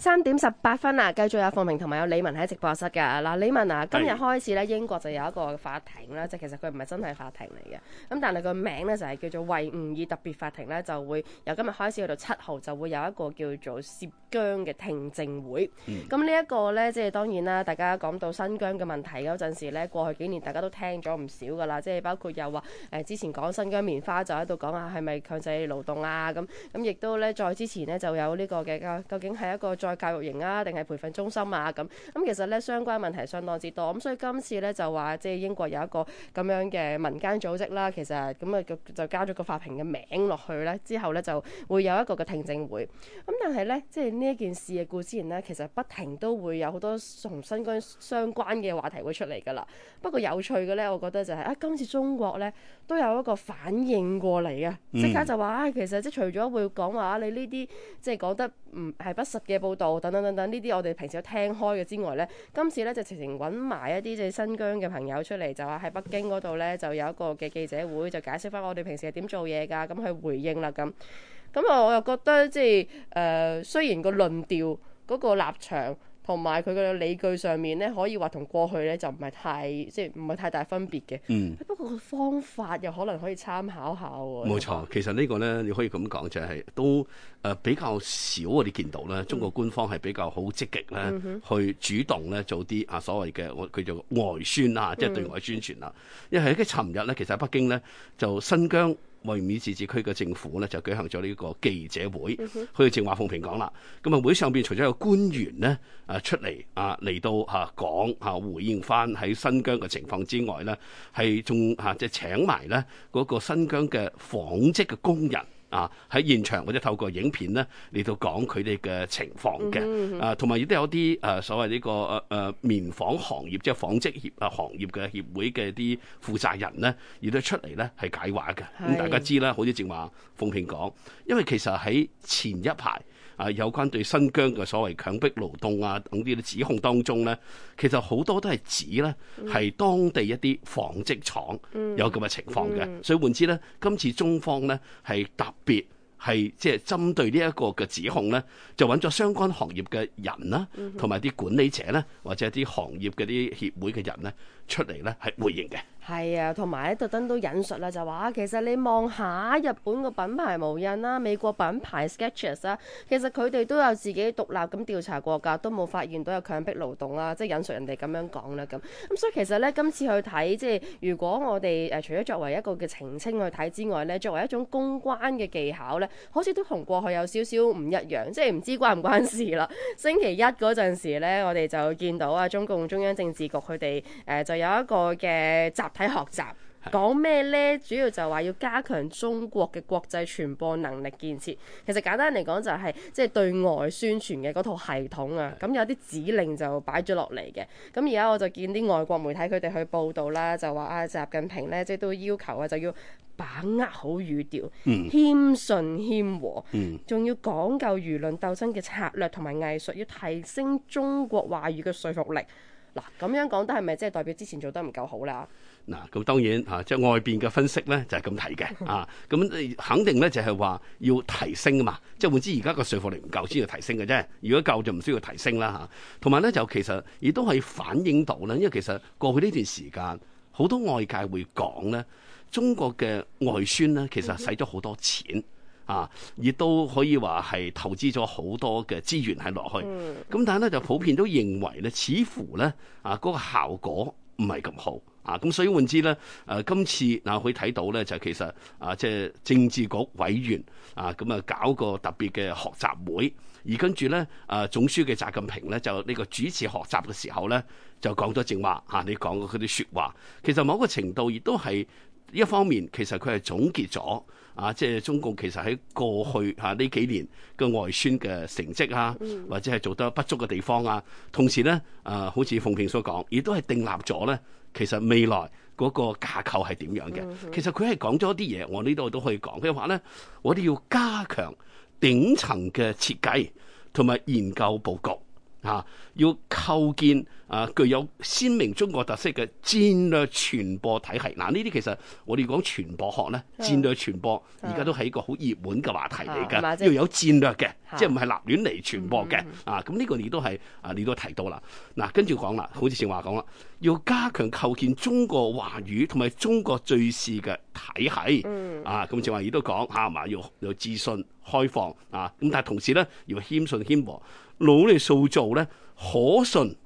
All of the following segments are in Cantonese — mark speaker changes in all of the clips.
Speaker 1: 三點十八分啦，繼續有馮明同埋有李文喺直播室嘅嗱，李文啊，今日開始咧，英國就有一個法庭咧，即係是其實佢唔係真係法庭嚟嘅，咁但係個名咧就係叫做維吾爾特別法庭咧，就會由今日開始去到七號就會有一個叫做涉。新疆嘅聽證會，咁呢一個呢，即係當然啦。大家講到新疆嘅問題嗰陣時呢，過去幾年大家都聽咗唔少噶啦，即係包括又話誒、呃，之前講新疆棉花就喺度講下係咪強制勞動啊咁，咁、嗯、亦都呢，在之前呢，就有呢、這個嘅究竟係一個再教育營啊，定係培訓中心啊咁，咁、嗯、其實呢，相關問題相當之多。咁、嗯、所以今次呢，就話即係英國有一個咁樣嘅民間組織啦，其實咁啊、嗯、就，就加咗個法庭嘅名落去呢，之後呢就會有一個嘅聽證會。咁但係呢。即係。呢一件事嘅故事呢，其實不停都會有好多同新疆相關嘅話題會出嚟㗎啦。不過有趣嘅呢，我覺得就係、是、啊，今次中國呢，都有一個反應過嚟嘅，即刻就話啊，其實除、啊、即除咗會講話你呢啲即係講得唔係不實嘅報導等等等等呢啲，我哋平時有聽開嘅之外呢，今次呢就直情揾埋一啲即係新疆嘅朋友出嚟，就話喺北京嗰度呢，就有一個嘅記者會，就解釋翻我哋平時係點做嘢㗎，咁去回應啦咁。咁啊，我又覺得即係誒、呃，雖然個論調嗰、嗰個立場同埋佢嘅理據上面咧，可以話同過去咧就唔係太即係唔係太大分別嘅。嗯，不過個方法又可能可以參考下喎。冇錯，
Speaker 2: 其實個呢個咧，你可以咁講就係、是、都誒、呃、比較少我哋見到咧，中國官方係比較好積極咧，嗯、哼去主動咧做啲啊所謂嘅我佢做外宣啊，即係對外宣傳啦。嗯、因為喺尋日咧，其實喺北京咧就新疆。維吾爾自治區嘅政府咧就舉行咗呢個記者會，佢哋、mm hmm. 正話奉平講啦，咁啊會上邊除咗有官員咧啊出嚟啊嚟到吓講吓回應返喺新疆嘅情況之外咧，係仲吓即係請埋咧、嗰個新疆嘅紡織嘅工人。啊！喺現場或者透過影片咧嚟到講佢哋嘅情況嘅，啊，同埋亦都有啲誒所謂呢個誒誒棉紡行業即係紡織業啊行業嘅協會嘅啲負責人咧，亦都出嚟咧係解話嘅。咁是、嗯、大家知啦，好似正話奉慶講，因為其實喺前一排。啊，有關對新疆嘅所謂強迫勞動啊，等啲嘅指控當中咧，其實好多都係指咧係當地一啲紡織廠有咁嘅情況嘅，所以換之咧，今次中方咧係特別係即係針對呢一個嘅指控咧，就揾咗相關行業嘅人啦，同埋啲管理者咧，或者啲行業嘅啲協會嘅人咧。出嚟咧係回應
Speaker 1: 嘅，係啊，同埋特登都引述啦，就話其實你望下日本個品牌無印啦、美國品牌 Skechers 啦，其實佢哋都有自己獨立咁調查過噶，都冇發現到有強迫勞動啊，即係引述人哋咁樣講啦咁。咁所以其實咧，今次去睇即係如果我哋誒除咗作為一個嘅澄清去睇之外咧，作為一種公關嘅技巧咧，好似都同過去有少少唔一樣，即係唔知關唔關事啦。星期一嗰陣時咧，我哋就見到啊，中共中央政治局佢哋誒就。有一個嘅集體學習，講咩呢？主要就話要加強中國嘅國際傳播能力建設。其實簡單嚟講，就是，就係即係對外宣傳嘅嗰套系統啊。咁有啲指令就擺咗落嚟嘅。咁而家我就見啲外國媒體佢哋去報道啦，就話啊，習近平呢，即係都要求啊，就要把握好語調，謙遜謙和，仲、嗯、要講究輿論鬥爭嘅策略同埋藝術，要提升中國話語嘅說服力。嗱，咁樣講都係咪即係代表之前做得唔夠好啦？
Speaker 2: 嗱，咁當然嚇，啊，即係外邊嘅分析咧就係咁睇嘅啊，咁肯定咧就係、係、話要提升啊嘛，即係換之而家個說服力唔夠先要提升嘅啫，如果夠就唔需要提升啦嚇。同埋咧就其實亦都係反映到咧，因為其實過去呢段時間好多外界會講咧，中國嘅外宣咧其實使咗好多錢。啊！亦都可以話係投資咗好多嘅資源喺落去，咁、嗯、但係咧就普遍都認為咧，似乎咧啊嗰、那個效果唔係咁好啊！咁所以換之咧，誒、啊、今次嗱可以睇到咧，就其實啊即係政治局委員啊咁啊搞個特別嘅學習會，而跟住咧誒總書記習近平咧就呢個主持學習嘅時候咧就講咗正話嚇，你講嘅嗰啲説話，其實某個程度亦都係一方面，其實佢係總結咗。啊，即係中共其實喺過去吓呢、啊、幾年嘅外宣嘅成績啊，或者係做得不足嘅地方啊，同時咧啊，好似鳳平所講，亦都係訂立咗咧，其實未來嗰個架構係點樣嘅？其實佢係講咗一啲嘢，我呢度都可以講，佢話咧，我哋要加強頂層嘅設計同埋研究布局。啊！要構建啊，具有鮮明中國特色嘅戰、啊嗯、戰略傳播體系。嗱，呢啲其實我哋講傳播學咧，戰略傳播而家都係一個好熱門嘅話題嚟噶。嗯啊啊、要有戰略嘅，嗯、即係唔係立亂嚟傳播嘅。嗯嗯嗯、啊，咁、這、呢個你都係啊，你都提到啦。嗱、啊，跟住講啦，好似正話講啦，要加強構建中國話語同埋中國敍事嘅體系。啊，咁正話亦都講嚇嘛，要有資訊。m t 開放啊！但同時咧，要謙遜謙和，努力塑造咧可信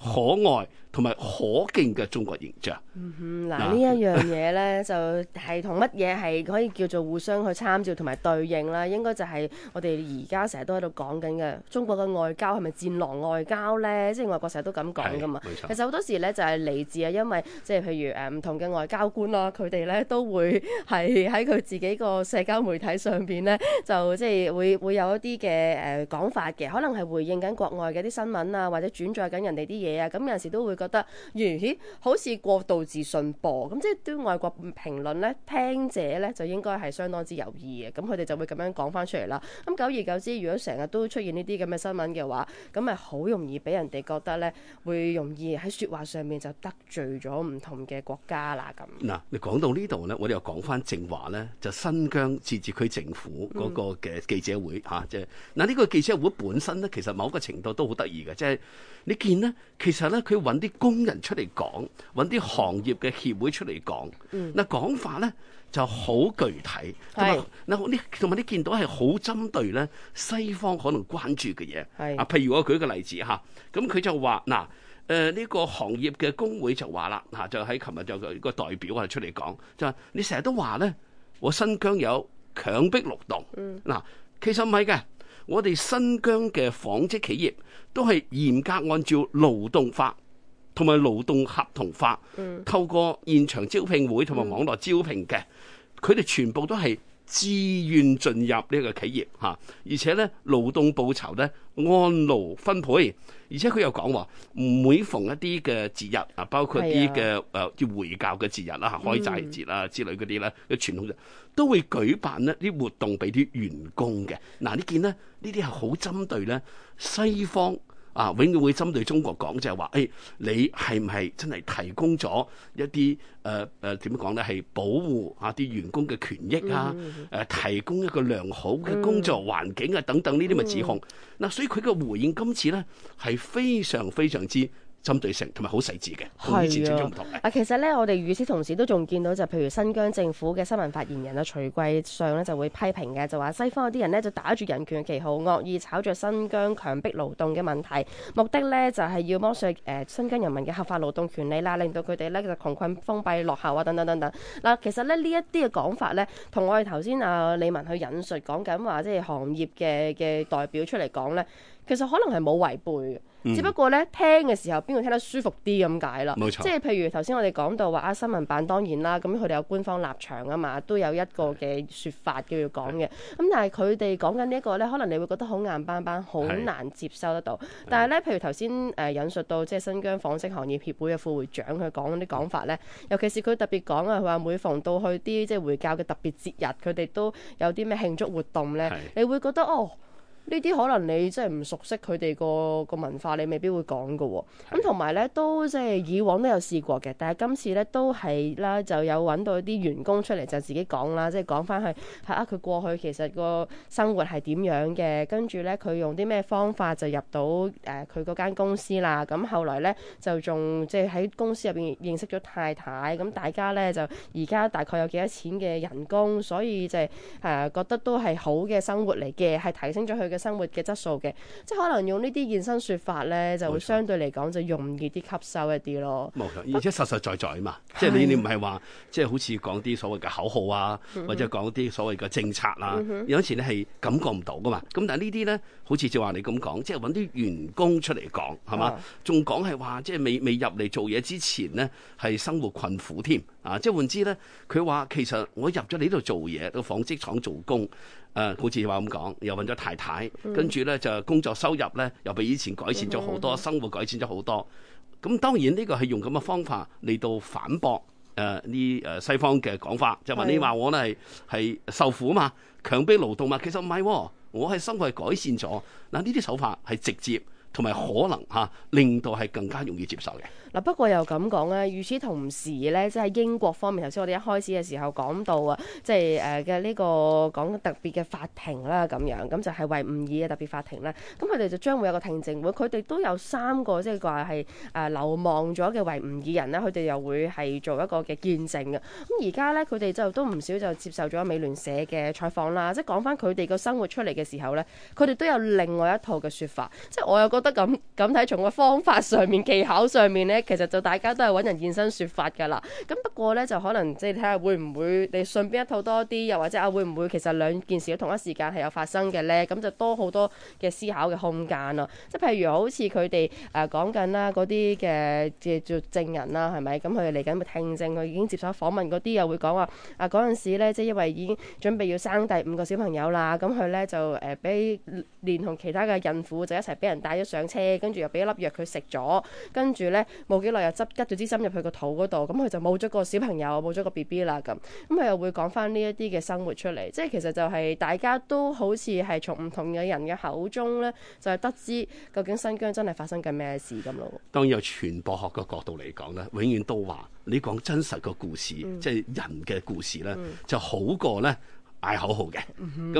Speaker 2: 可愛。同埋可敬嘅中國形象。
Speaker 1: 嗱呢、嗯哼、一樣嘢咧， 就係同乜嘢係可以叫做互相去參照同埋對應啦？應該就係我哋而家成日都喺度講緊嘅中國嘅外交係咪戰狼外交咧？即係外國成日都咁講㗎嘛。其實好多時咧就係嚟自啊，因為即係譬如誒唔同嘅外交官啦、啊，佢哋咧都會係喺佢自己個社交媒體上邊咧，就即係會會有一啲嘅誒講法嘅，可能係回應緊國外嘅啲新聞啊，或者轉載緊人哋啲嘢啊，咁有陣時都會。覺得完全好似過度自信噃，咁即係對外國評論呢聽者呢，就應該係相當之有意嘅，咁佢哋就會咁樣講翻出嚟啦。咁久而久之，如果成日都出現呢啲咁嘅新聞嘅話，咁咪好容易俾人哋覺得呢會容易喺説話上面就得罪咗唔同嘅國家啦。咁
Speaker 2: 嗱、嗯，你講到呢度呢，我哋又講翻正話呢，就新疆自治區政府嗰個嘅記者會嚇，即係嗱呢個記者會本身呢，其實某個程度都好得意嘅，即係你見呢，其實呢，佢揾啲。工人出嚟講，搵啲行業嘅協會出嚟講。嗱、嗯，講法咧就好具體。嗱是，同埋你見到係好針對咧西方可能關注嘅嘢。是啊，譬如我舉個例子嚇，咁、啊、佢就話嗱，誒、啊、呢、呃呢個行業嘅工會就話啦，嗱、啊、就喺琴日就有個代表啊出嚟講，就話你成日都話咧，我新疆有強迫勞動嗱、嗯啊，其實唔係嘅，我哋新疆嘅紡織企業都係嚴格按照勞動法。同埋勞動合同法，透過現場招聘會同埋網絡招聘嘅，佢哋、嗯、全部都係自願進入呢一個企業嚇，而且咧勞動報酬咧按勞分配，而且佢又講話每逢一啲嘅節日啊，包括啲嘅誒啲回教嘅節日啦、啊、開齋節啦之類嗰啲咧嘅傳統嘅，都會舉辦咧啲活動俾啲員工嘅嗱，呢件呢，呢啲係好針對咧西方。啊，永遠會針對中國講，就係、是、話，誒、哎，你係唔係真係提供咗一啲誒誒點講呢？係、呃呃、保護吓啲員工嘅權益啊，誒、呃呃呃，提供一個良好嘅工作環境啊，等等呢啲嘅指控。嗱、嗯嗯啊，所以佢嘅回應今次呢係非常非常之。針對性同埋好細緻嘅，同以前唔同嘅。
Speaker 1: 其實咧，我哋與此同時都仲見到就譬如新疆政府嘅新聞發言人啊，徐貴尚咧就會批評嘅，就話西方嗰啲人呢，就打住人權嘅旗號，惡意炒着新疆強迫勞動嘅問題，目的呢，就係要剝削誒新疆人民嘅合法勞動權利啦，令到佢哋呢，就窮困、封閉、落後啊等等等等。嗱，其實呢，呢一啲嘅講法呢，同我哋頭先啊李文去引述講緊話，即係行業嘅嘅代表出嚟講呢。其實可能係冇違背嘅，只不過咧聽嘅時候邊個聽得舒服啲咁解啦。冇錯。即係譬如頭先我哋講到話啊，新聞版當然啦，咁佢哋有官方立場啊嘛，都有一個嘅說法叫要講嘅。咁但係佢哋講緊呢一個咧，可能你會覺得好硬邦邦，好難接收得到。但係咧，譬如頭先誒引述到即係新疆紡織行業協會嘅副會長佢講啲講法咧，尤其是佢特別講啊，佢話每逢到去啲即係回教嘅特別節日，佢哋都有啲咩慶祝活動咧，你會覺得哦。呢啲可能你即係唔熟悉佢哋個個文化，你未必會講嘅喎。咁同埋咧，都即係以往都有試過嘅，但係今次咧都係啦，就有搵到啲員工出嚟就自己講啦，即係講翻去嚇佢、啊、過去其實個生活係點樣嘅，跟住咧，佢用啲咩方法就入到誒佢間公司啦。咁、啊、後來咧就仲即係喺公司入邊認識咗太太，咁、啊、大家咧就而家大概有幾多錢嘅人工，所以就係、是、誒、啊、覺得都係好嘅生活嚟嘅，係提升咗佢。嘅生活嘅質素嘅，即係可能用呢啲現身説法咧，就會相對嚟講就容易啲吸收一啲咯。
Speaker 2: 冇錯，而且實實在在啊嘛，但即係你唔係話即係好似講啲所謂嘅口號啊，或者講啲所謂嘅政策啊，嗯、哼有時咧係感覺唔到噶嘛。咁但係呢啲咧，好似就係話你咁講，即係揾啲員工出嚟講係嘛，仲講係話即係未未入嚟做嘢之前咧係生活困苦添啊！即係換之咧，佢話其實我入咗你呢度做嘢，個紡織廠做工。誒、呃，好似話咁講，又搵咗太太，跟住咧就工作收入咧又比以前改善咗好多，生活改善咗好多。咁、嗯嗯、當然呢個係用咁嘅方法嚟到反駁誒呢誒西方嘅講法，就話、係、你話我咧係係受苦啊嘛，強迫勞動啊嘛，其實唔係、哦，我係生活係改善咗。嗱呢啲手法係直接。同埋可能吓、啊、令到係更加容易接受嘅
Speaker 1: 嗱、啊，不過又咁講咧，與此同時咧，即係英國方面，頭先我哋一開始嘅時候講到啊，即係誒嘅呢個講特別嘅法庭啦，咁樣咁就係維吾爾嘅特別法庭啦，咁佢哋就將會有個聽證會，佢哋都有三個即係話係誒流亡咗嘅維吾爾人咧，佢哋又會係做一個嘅見證嘅。咁而家咧，佢哋就都唔少就接受咗美聯社嘅採訪啦，即係講翻佢哋個生活出嚟嘅時候咧，佢哋都有另外一套嘅說法，即係我有個。覺得咁咁睇，從個方法上面、技巧上面咧，其實就大家都係揾人現身說法噶啦。咁不過咧，就可能即係睇下會唔會你信邊一套多啲，又或者啊會唔會其實兩件事同一時間係有發生嘅咧？咁就多好多嘅思考嘅空間咯。即係譬如好似佢哋誒講緊啦，嗰啲嘅即係做證人啦，係咪？咁佢嚟緊去聽證，佢已經接受訪問嗰啲又會講話啊嗰陣時咧，即係因為已經準備要生第五個小朋友啦，咁佢咧就誒俾連同其他嘅孕婦就一齊俾人帶咗。上車，跟住又俾一粒藥佢食咗，跟住呢，冇幾耐又執拮咗支針入去個肚嗰度，咁佢就冇咗個小朋友，冇咗個 B B 啦咁，咁佢又會講翻呢一啲嘅生活出嚟，即係其實就係大家都好似係從唔同嘅人嘅口中呢，就係、是、得知究竟新疆真係發生緊咩事咁咯。當
Speaker 2: 然、嗯，由傳播學嘅角度嚟講呢，永遠都話你講真實嘅故事，嗯、即係人嘅故事呢、嗯、就好過呢。嗌口號嘅，咁、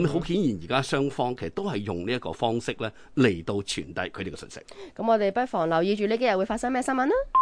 Speaker 2: 嗯、好顯然而家雙方其實都係用呢一個方式咧嚟到傳遞佢哋嘅信息。
Speaker 1: 咁我哋不妨留意住呢幾日會發生咩新聞呢、啊？